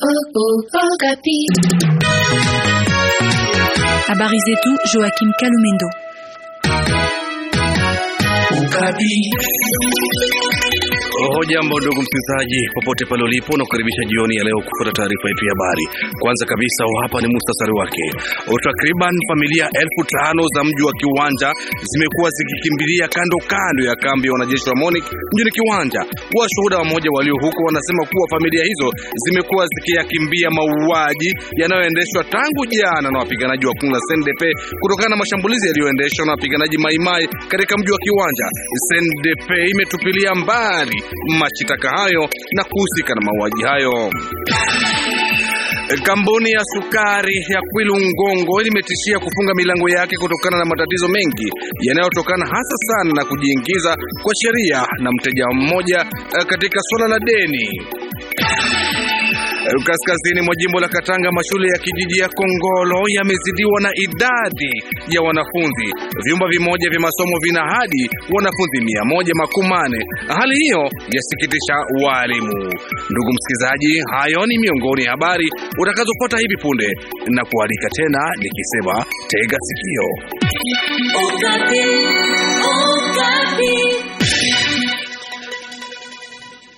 Oh, oh, oh, capi. À Barizetou, Joachim Calumendo. Gabi Oh, ndugu msikilizaji, popote pale ulipo na kukaribisha jioni ya leo kufuata taarifa yetu ya habari. Kwanza kabisa, hapa ni mustasari wake. Takriban familia elfu tano za mji wa Kiwanja zimekuwa zikikimbilia kando kando ya kambi ya wanajeshi wa MONUC mjini Kiwanja. Washuhuda wamoja walio huko wanasema kuwa familia hizo zimekuwa zikiyakimbia mauaji yanayoendeshwa tangu jana na wapiganaji wa kundi la sndp kutokana na mashambulizi yaliyoendeshwa na wapiganaji Maimai katika mji wa Kiwanja. sndp imetupilia mbali mashitaka hayo na kuhusika na mauaji hayo. Kampuni ya sukari ya kwilu ngongo limetishia kufunga milango yake kutokana na matatizo mengi yanayotokana hasa sana na kujiingiza kwa sheria na mteja mmoja eh, katika swala la deni. Kaskazini mwa jimbo la Katanga, mashule ya kijiji ya Kongolo yamezidiwa na idadi ya wanafunzi. Vyumba vimoja vya masomo vina hadi wanafunzi mia moja makumane. Hali hiyo yasikitisha walimu. Ndugu msikilizaji, hayo ni miongoni ya habari utakazopata hivi punde, na kualika tena nikisema tega sikio.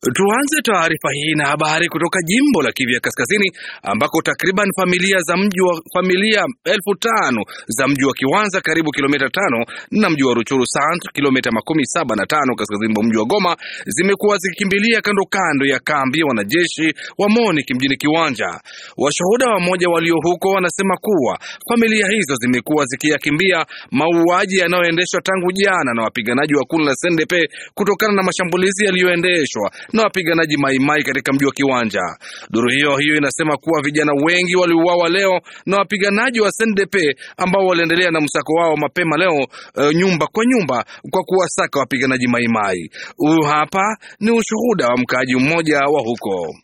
Tuanze taarifa hii na habari kutoka jimbo la Kivu ya Kaskazini ambako takriban familia za mji wa familia elfu tano za mji wa Kiwanza karibu kilomita tano na mji wa Ruchuru sant kilomita makumi saba na tano kaskazini mwa mji wa Goma zimekuwa zikikimbilia kando kando ya kambi ya wanajeshi wa MONUC mjini Kiwanja. Washuhuda wamoja walio huko wanasema kuwa familia hizo zimekuwa zikiyakimbia mauaji yanayoendeshwa tangu jana na wapiganaji wa kundi la SNDP kutokana na mashambulizi yaliyoendeshwa na wapiganaji Maimai katika mji wa Kiwanja. Duru hiyo hiyo inasema kuwa vijana wengi waliuawa leo na wapiganaji wa SNDP ambao waliendelea na msako wao mapema leo, uh, nyumba kwa nyumba kwa kuwasaka wapiganaji Maimai. Huyu hapa ni ushuhuda wa mkaaji mmoja wa huko.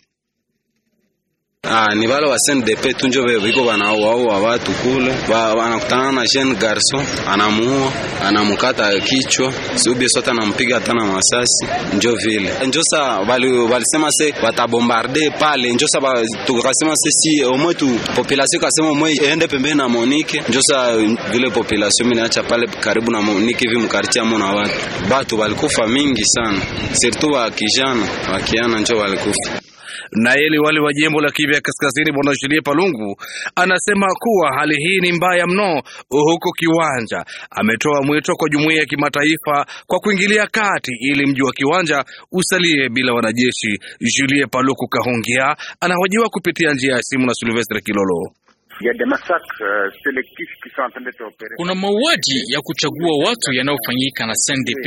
Ah, ni bale wa SNDP tunjo bebe iko wanaua watu kule, wanakutana na jeune garson anamuua, anamukata kichwa, subie sote anampiga hata na masasi. Njo vile njo sa walisema se watabombarde pale, njo sa tukasema se si omwe tu population kasema omwe ende pembeni na Monike, njo sa vile population mliacha pale karibu na Monike hivi mkartia mona watu. Watu walikufa mingi sana, surtout wa kijana, wakiana njo walikufa. Naye liwali wa jimbo la Kivu ya Kaskazini Bwana Julie Palungu anasema kuwa hali hii ni mbaya mno huko Kiwanja. Ametoa mwito kwa jumuiya ya kimataifa kwa kuingilia kati ili mji wa Kiwanja usalie bila wanajeshi. Julie Paluku Kahungia anahojiwa kupitia njia ya simu na Sylvester Kilolo sont en train d'être opérés. Kuna mauaji ya kuchagua watu yanayofanyika na sndp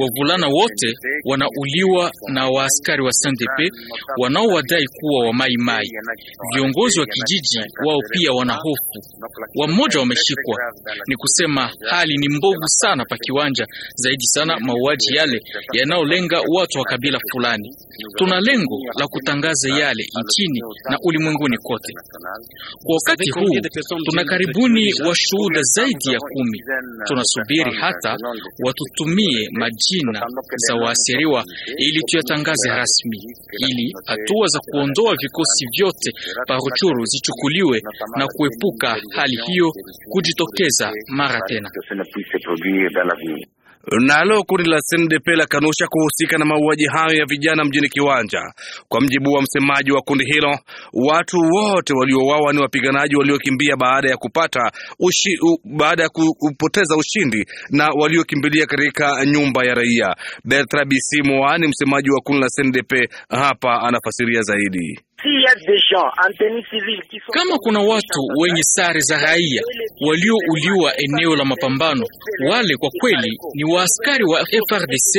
Wavulana wote wanauliwa na waaskari wa sndp wanaowadai kuwa wa Mai Mai. Viongozi wa kijiji wao pia wana hofu, wamoja wameshikwa. Ni kusema hali ni mbovu sana pa kiwanja, zaidi sana mauaji yale yanayolenga watu wa kabila fulani. Tuna lengo la kutangaza yale nchini na ulimwenguni kote kwa Wakati huu tuna karibuni washuhuda zaidi ya kumi. Tunasubiri hata watutumie majina za waasiriwa ili tuyatangaze rasmi, ili hatua za kuondoa vikosi vyote paruchuru zichukuliwe na kuepuka hali hiyo kujitokeza mara tena. Nalo kundi la sndp la kanusha kuhusika na mauaji hayo ya vijana mjini Kiwanja. Kwa mjibu wa msemaji wa kundi hilo, watu wote waliouawa ni wapiganaji waliokimbia baada ya kupata ushi, u, baada ya kupoteza ushindi na waliokimbilia katika nyumba ya raia. Bertrand Bisimwa ni msemaji wa kundi la sndp hapa anafasiria zaidi. Kama kuna watu wenye sare za raia waliouliwa eneo la mapambano, wale kwa kweli ni waaskari wa FRDC,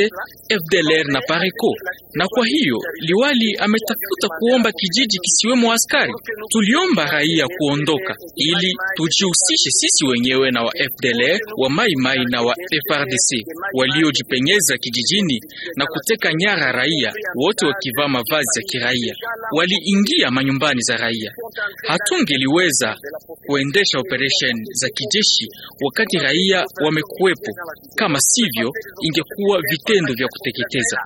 FDLR na PARECO, na kwa hiyo liwali ametafuta kuomba kijiji kisiwemo askari. Tuliomba raia kuondoka ili tujihusishe sisi wenyewe na wa FDLR wa maimai mai na wa FRDC waliojipenyeza kijijini na kuteka nyara raia wote wakivaa mavazi ya kiraia wali kuingia manyumbani za raia. Hatungeliweza kuendesha operesheni za kijeshi wakati raia wamekuwepo, kama sivyo ingekuwa vitendo vya kuteketeza.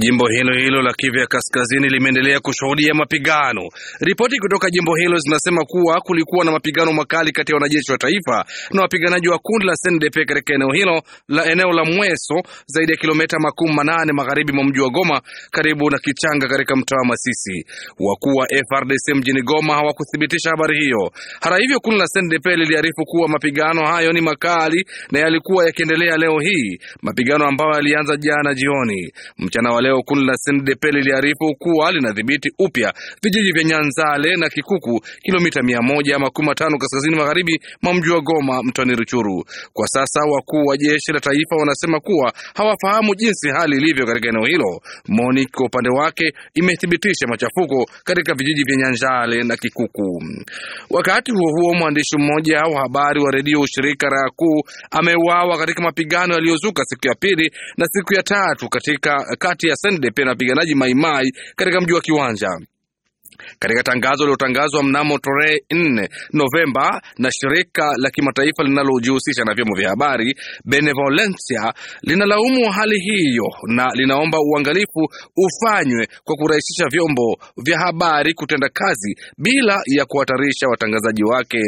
Jimbo hilo hilo la Kivu ya Kaskazini limeendelea kushuhudia mapigano. Ripoti kutoka jimbo hilo zinasema kuwa kulikuwa na mapigano makali kati ya wanajeshi wa taifa na wapiganaji wa kundi la SNDP katika eneo hilo la eneo la Mweso, zaidi ya kilomita makumi manane magharibi mwa mji wa Goma, karibu na Kichanga katika mtaa wa Masisi. Wakuu wa FRDC mjini Goma hawakuthibitisha habari hiyo. Hata hivyo, kundi la SNDP liliarifu kuwa mapigano hayo ni makali na yalikuwa yakiendelea leo hii, mapigano ambayo yalianza jana jioni. Mchana wa leo kundi la SNDP liliarifu kuwa linadhibiti upya vijiji vya Nyanzale na Kikuku, kilomita mia moja makumi kaskazini magharibi mwa mji wa Goma, mtoni Ruchuru. Kwa sasa wakuu wa jeshi la taifa wanasema kuwa hawafahamu jinsi hali ilivyo katika eneo hilo. MONUC kwa upande wake imethibitisha machafuko katika vijiji vya Nyanzale na Kikuku. Wakati huo huo, mwandishi mmoja wa habari wa redio ushirika Raha Kuu ameuawa katika mapigano yaliyozuka siku ya pili na siku ya tatu katika kati ya SNDP na wapiganaji Maimai katika mji wa Kiwanja. Katika tangazo lililotangazwa mnamo tarehe 4 Novemba na shirika la kimataifa linalojihusisha na vyombo vya habari Benevolencia, linalaumu hali hiyo na linaomba uangalifu ufanywe kwa kurahisisha vyombo vya habari kutenda kazi bila ya kuhatarisha watangazaji wake.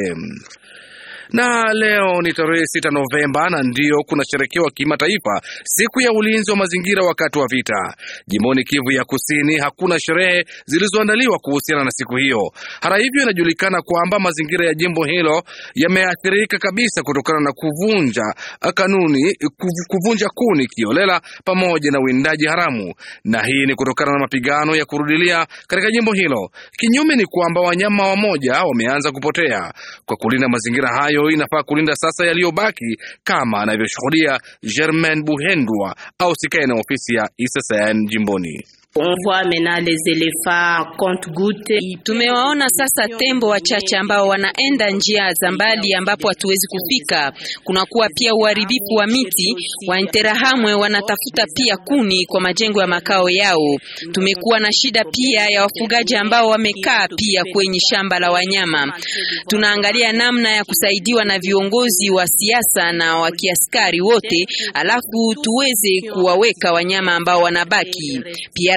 Na leo ni tarehe 6 Novemba na ndio kunasherekewa kimataifa siku ya ulinzi wa mazingira wakati wa vita. Jimboni Kivu ya Kusini hakuna sherehe zilizoandaliwa kuhusiana na siku hiyo. Hata hivyo, inajulikana kwamba mazingira ya jimbo hilo yameathirika kabisa kutokana na kuvunja eh, kanuni, kuvunja kuni kiolela pamoja na uwindaji haramu, na hii ni kutokana na mapigano ya kurudilia katika jimbo hilo. Kinyume ni kwamba wanyama wamoja wameanza kupotea. Kwa kulinda mazingira hayo inafaa kulinda sasa yaliyobaki, kama anavyoshuhudia Germain Buhendwa au Sikae na ofisi ya SSN jimboni. On voit maintenant les éléphants compte-goutte. Tumewaona sasa tembo wachache ambao wanaenda njia za mbali ambapo hatuwezi kufika. Kunakuwa pia uharibifu wa miti. Wainterahamwe wanatafuta pia kuni kwa majengo ya makao yao. Tumekuwa na shida pia ya wafugaji ambao wamekaa pia kwenye shamba la wanyama. Tunaangalia namna ya kusaidiwa na viongozi wa siasa na wa kiaskari wote, alafu tuweze kuwaweka wanyama ambao wanabaki pia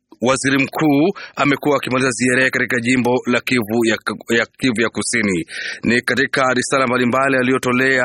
Waziri mkuu amekuwa akimaliza ziara katika jimbo la Kivu ya, ya Kivu ya Kusini. Ni katika risala mbalimbali aliyotolea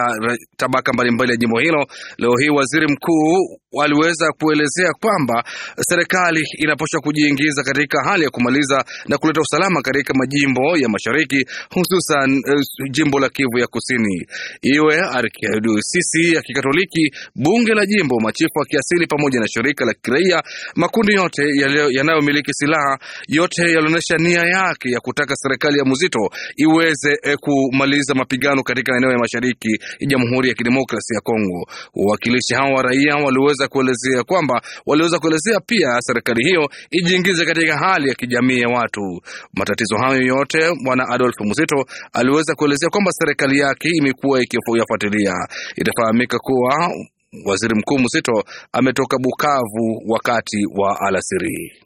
tabaka mbalimbali ya jimbo hilo. Leo hii waziri mkuu aliweza kuelezea kwamba serikali inapaswa kujiingiza katika hali ya kumaliza na kuleta usalama katika majimbo ya mashariki, hususan uh, jimbo la Kivu ya Kusini, iwe arkidiosisi ya Kikatoliki, bunge la jimbo, machifu wa kiasili, pamoja na shirika la kiraia, makundi yote yaliyo yanayomiliki silaha, yote yalionyesha nia yake ya kutaka serikali ya mzito iweze eh, kumaliza mapigano katika eneo ya mashariki ya Jamhuri ya Kidemokrasia ya Kongo. Wawakilishi hao wa raia waliweza kuelezea kwamba waliweza kuelezea pia serikali hiyo ijiingize katika hali ya kijamii ya watu. Matatizo hayo yote, Bwana Adolf Muzito aliweza kuelezea kwamba serikali yake imekuwa ikiyafuatilia. Itafahamika kuwa Waziri Mkuu Muzito ametoka Bukavu wakati wa alasiri.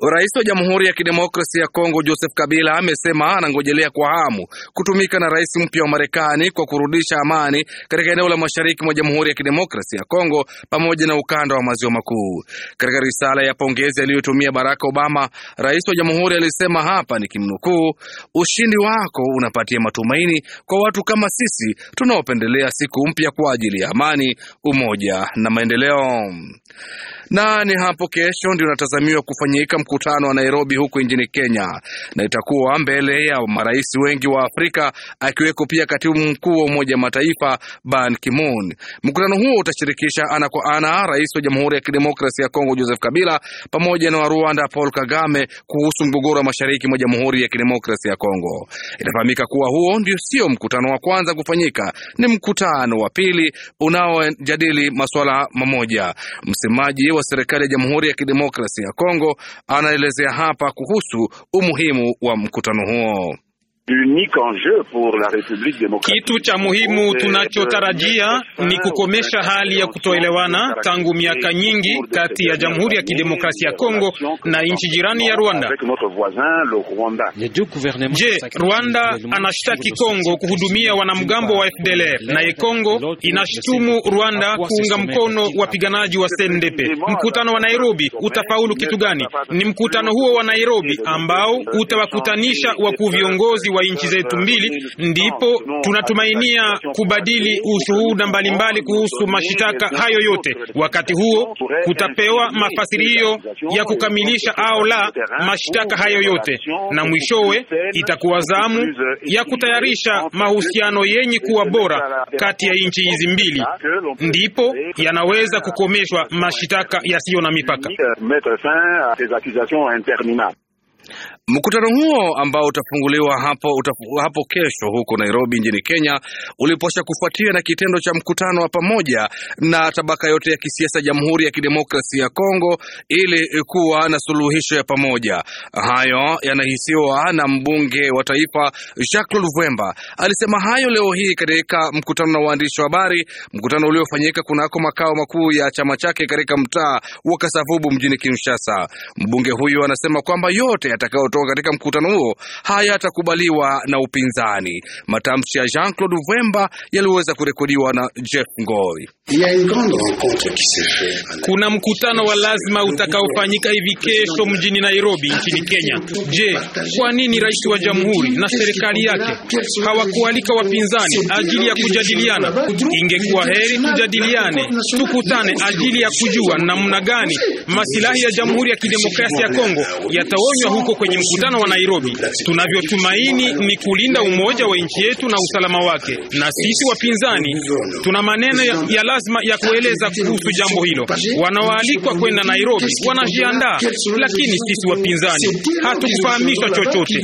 Rais wa Jamhuri ya Kidemokrasia ya Kongo Joseph Kabila amesema anangojelea kwa hamu kutumika na rais mpya wa Marekani kwa kurudisha amani katika eneo la mashariki mwa Jamhuri ya Kidemokrasia ya Kongo pamoja na ukanda wa maziwa makuu. Katika risala ya pongezi aliyotumia Barack Obama, rais wa jamhuri alisema, hapa ni kimnukuu, ushindi wako unapatia matumaini kwa watu kama sisi tunaopendelea siku mpya kwa ajili ya amani, umoja na maendeleo. Na ni hapo kesho ndio natazamiwa kufanyika mkutano wa Nairobi huko nchini Kenya, na itakuwa mbele ya marais wengi wa Afrika akiweko pia katibu mkuu wa Umoja wa Mataifa Ban Ki-moon. Mkutano huo utashirikisha ana kwa ana rais wa Jamhuri ya Kidemokrasia ya Kongo Joseph Kabila pamoja na wa Rwanda Paul Kagame kuhusu mgogoro wa mashariki mwa Jamhuri ya Kidemokrasia ya Kongo. Itafahamika kuwa huo ndio sio mkutano wa kwanza kufanyika, ni mkutano wa pili unaojadili masuala mamoja. Msemaji wa serikali ya Jamhuri ya Kidemokrasia ya Kongo anaelezea hapa kuhusu umuhimu wa mkutano huo. Kitu cha muhimu tunachotarajia ni kukomesha hali ya kutoelewana tangu miaka nyingi kati ya Jamhuri ya Kidemokrasia ya Kongo na nchi jirani ya Rwanda. Je, Rwanda anashtaki Kongo kuhudumia wanamgambo wa FDLR, naye Kongo inashutumu Rwanda kuunga mkono wapiganaji wa CNDP. Mkutano wa Nairobi utafaulu kitu gani? Ni mkutano huo wa Nairobi ambao utawakutanisha wakuu viongozi wa nchi zetu mbili, ndipo tunatumainia kubadili ushuhuda mbalimbali kuhusu mashitaka hayo yote. Wakati huo kutapewa mafasirio ya kukamilisha au la mashitaka hayo yote, na mwishowe itakuwa zamu ya kutayarisha mahusiano yenye kuwa bora kati ya nchi hizi mbili, ndipo yanaweza kukomeshwa mashitaka yasiyo na mipaka. Mkutano huo ambao utafunguliwa hapo, utafu, hapo kesho huko Nairobi nchini Kenya uliposha kufuatia na kitendo cha mkutano wa pamoja na tabaka yote ya kisiasa Jamhuri ya Kidemokrasia ya Kongo ili kuwa na suluhisho ya pamoja. Hayo yanahisiwa na mbunge wa taifa Jacques Luvemba. Alisema hayo leo hii katika mkutano na waandishi wa habari, mkutano uliofanyika kunako makao makuu ya chama chake katika mtaa wa Kasavubu mjini Kinshasa. Mbunge huyu anasema kwamba yote yoyote yatakayotoka katika mkutano huo hayatakubaliwa na upinzani. Matamshi ya Jean Claude Vwemba yaliweza kurekodiwa na Jeff Ngoi. Kuna mkutano wa lazima utakaofanyika hivi kesho mjini Nairobi nchini Kenya. Je, kwa nini rais wa jamhuri na serikali yake hawakualika wapinzani ajili ya kujadiliana? Ingekuwa heri tujadiliane, tukutane ajili ya kujua namna gani masilahi ya Jamhuri ya Kidemokrasia ya Kongo yataonywa huko kwenye mkutano wa Nairobi. Tunavyotumaini ni kulinda umoja wa nchi yetu na usalama wake, na sisi wapinzani tuna maneno ya, ya lazima ya kueleza kuhusu jambo hilo. Wanaoalikwa kwenda Nairobi wanajiandaa, lakini sisi wapinzani hatukufahamishwa chochote.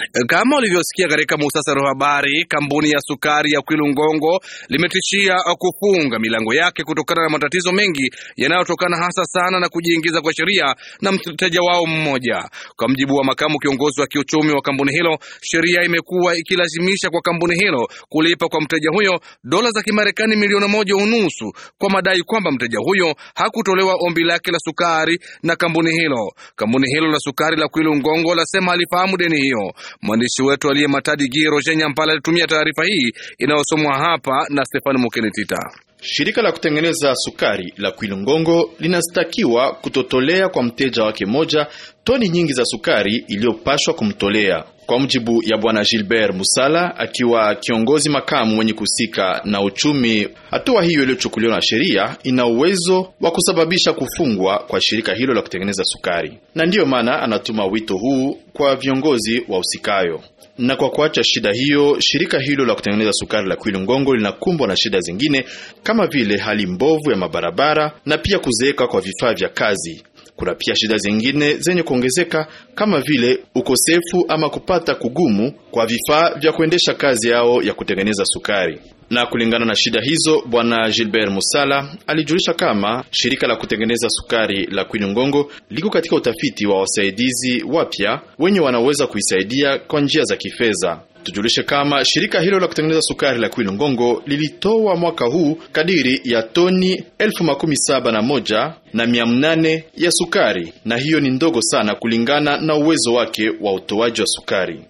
Eh, kama ulivyosikia katika muhtasari wa habari, kampuni ya sukari ya Kwilungongo limetishia eh, kufunga milango yake kutokana na matatizo mengi yanayotokana hasa sana na kujiingiza kwa sheria na mteja wao mmoja. Kwa mjibu wa makamu kiongozi wa kiuchumi wa kampuni hilo, sheria imekuwa ikilazimisha kwa kampuni hilo kulipa kwa mteja huyo dola za Kimarekani milioni moja unusu kwa madai kwamba mteja huyo hakutolewa ombi lake la sukari na kampuni hilo. Kampuni hilo la sukari la Kwilungongo lasema alifahamu deni hiyo. Mwandishi wetu aliye Matadi Gi Roje Nyampala alitumia taarifa hii inayosomwa hapa na Stefani Mukenetita. Shirika la kutengeneza sukari la kwilungongo linastakiwa kutotolea kwa mteja wake moja toni nyingi za sukari iliyopashwa kumtolea. Kwa mujibu ya Bwana Gilbert Musala, akiwa kiongozi makamu mwenye kuhusika na uchumi, hatua hiyo iliyochukuliwa na sheria ina uwezo wa kusababisha kufungwa kwa shirika hilo la kutengeneza sukari, na ndiyo maana anatuma wito huu kwa viongozi wa usikayo Na kwa kuacha shida hiyo, shirika hilo la kutengeneza sukari la Kwilungongo linakumbwa na shida zingine kama vile hali mbovu ya mabarabara na pia kuzeeka kwa vifaa vya kazi kuna pia shida zingine zenye kuongezeka kama vile ukosefu ama kupata kugumu kwa vifaa vya kuendesha kazi yao ya kutengeneza sukari. Na kulingana na shida hizo, bwana Gilbert Musala alijulisha kama shirika la kutengeneza sukari la ngongo liko katika utafiti wa wasaidizi wapya wenye wanaweza kuisaidia kwa njia za kifedha. Tujulishe kama shirika hilo la kutengeneza sukari la Kwilongongo lilitoa mwaka huu kadiri ya toni elfu makumi saba na moja na mia mnane ya sukari, na hiyo ni ndogo sana kulingana na uwezo wake wa utoaji wa sukari.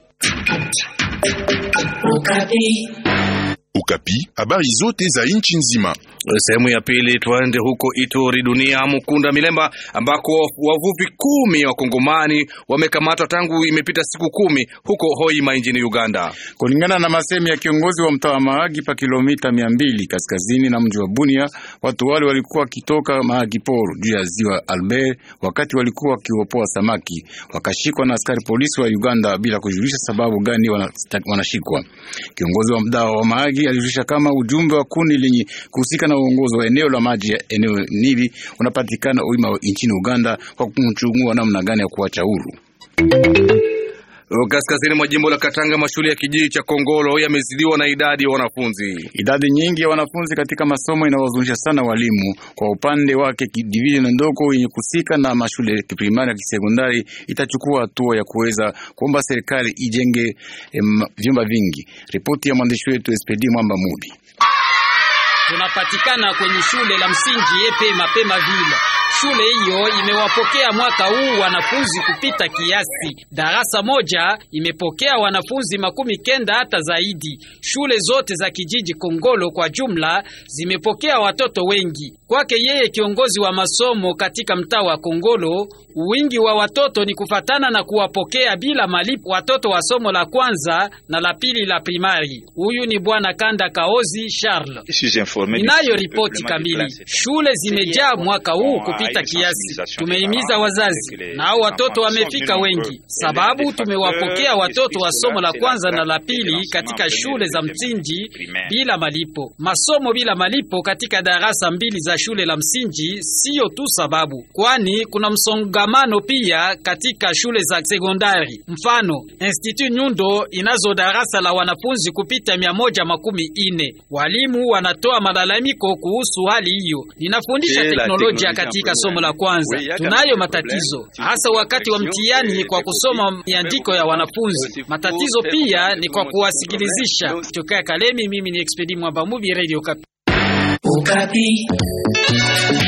Ukapi, habari zote za nchi nzima. Sehemu ya pili tuende huko Ituri, dunia mkunda Milemba, ambako wavuvi kumi wakongomani wamekamatwa tangu imepita siku kumi huko Hoima nchini Uganda, kulingana na masemi ya kiongozi wa mtaa wa pa kilomita mia mbili kaskazini na mji wa Bunia. Watu wale walikuwa wakitoka Maagi Poro juu ya ziwa Albert wakati walikuwa wakiopoa samaki, wakashikwa na askari polisi wa Uganda bila kujulisha sababu gani wanashikwa. Kiongozi wa mtaa wa Maagi alijulisha kama ujumbe wa kundi lenye kuhusika na uongozi wa eneo la maji ya eneo Nili unapatikana uima nchini Uganda kwa kumchungua namna gani ya kuacha huru. Kaskazini mwa jimbo la Katanga, mashule ya kijiji cha Kongolo yamezidiwa na idadi ya wanafunzi. Idadi nyingi ya wanafunzi katika masomo inawazunisha sana walimu. Kwa upande wake, division ndogo yenye kusika na mashule ya primari na kisekondari itachukua hatua ya kuweza kuomba serikali ijenge vyumba vingi. Ripoti ya mwandishi wetu SPD Mwamba Mudi tunapatikana kwenye shule la msingi Epe Mapema Vila shule hiyo imewapokea mwaka huu wanafunzi kupita kiasi. Darasa moja imepokea wanafunzi makumi kenda hata zaidi. Shule zote za kijiji Kongolo kwa jumla zimepokea watoto wengi. Kwake yeye, kiongozi wa masomo katika mtaa wa Kongolo, wingi wa watoto ni kufatana na kuwapokea bila malipo watoto wa somo la kwanza na la pili la primari. Huyu ni bwana Kanda Kaozi Charles. Inayo ripoti kamili, shule zimejaa mwaka huu ah, kupita kupita kiasi. Tumehimiza wazazi nao, watoto wamefika wengi, sababu tumewapokea watoto wa somo la kwanza na la pili katika shule za msingi bila malipo. Masomo bila malipo katika darasa mbili za shule la msingi siyo tu sababu, kwani kuna msongamano pia katika shule za sekondari. Mfano, Institut Nyundo inazo darasa la wanafunzi kupita mia moja makumi ine. Walimu wanatoa malalamiko kuhusu hali hiyo. Ninafundisha teknolojia katika somo la kwanza, tunayo matatizo hasa wakati wa mtihani kwa kusoma miandiko ya wanafunzi. Matatizo pia ni kwa kuwasikilizisha. Kutoka Kalemi, mimi ni Expedi Mwamba Mubi, Radio Okapi.